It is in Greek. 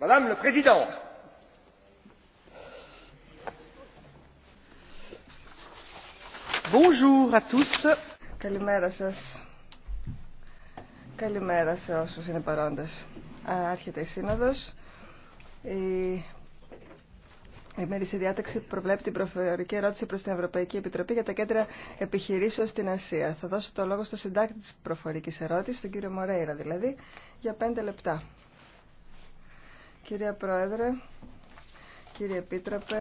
Madame le Président. Bonjour à tous. Καλημέρα σας. Καλημέρα σε όσους είναι παρόντες. Άρχεται η Σύνοδο. Η η ημερήσια διάταξη προβλέπει την προφορική ερώτηση προ την Ευρωπαϊκή Επιτροπή για τα κέντρα επιχειρήσεων στην Ασία. Θα δώσω το λόγο στο συντάκτη τη προφορική ερώτηση, τον κύριο Μορέιρα δηλαδή, για πέντε λεπτά. Κυρία Πρόεδρε, κύριε Επίτροπε,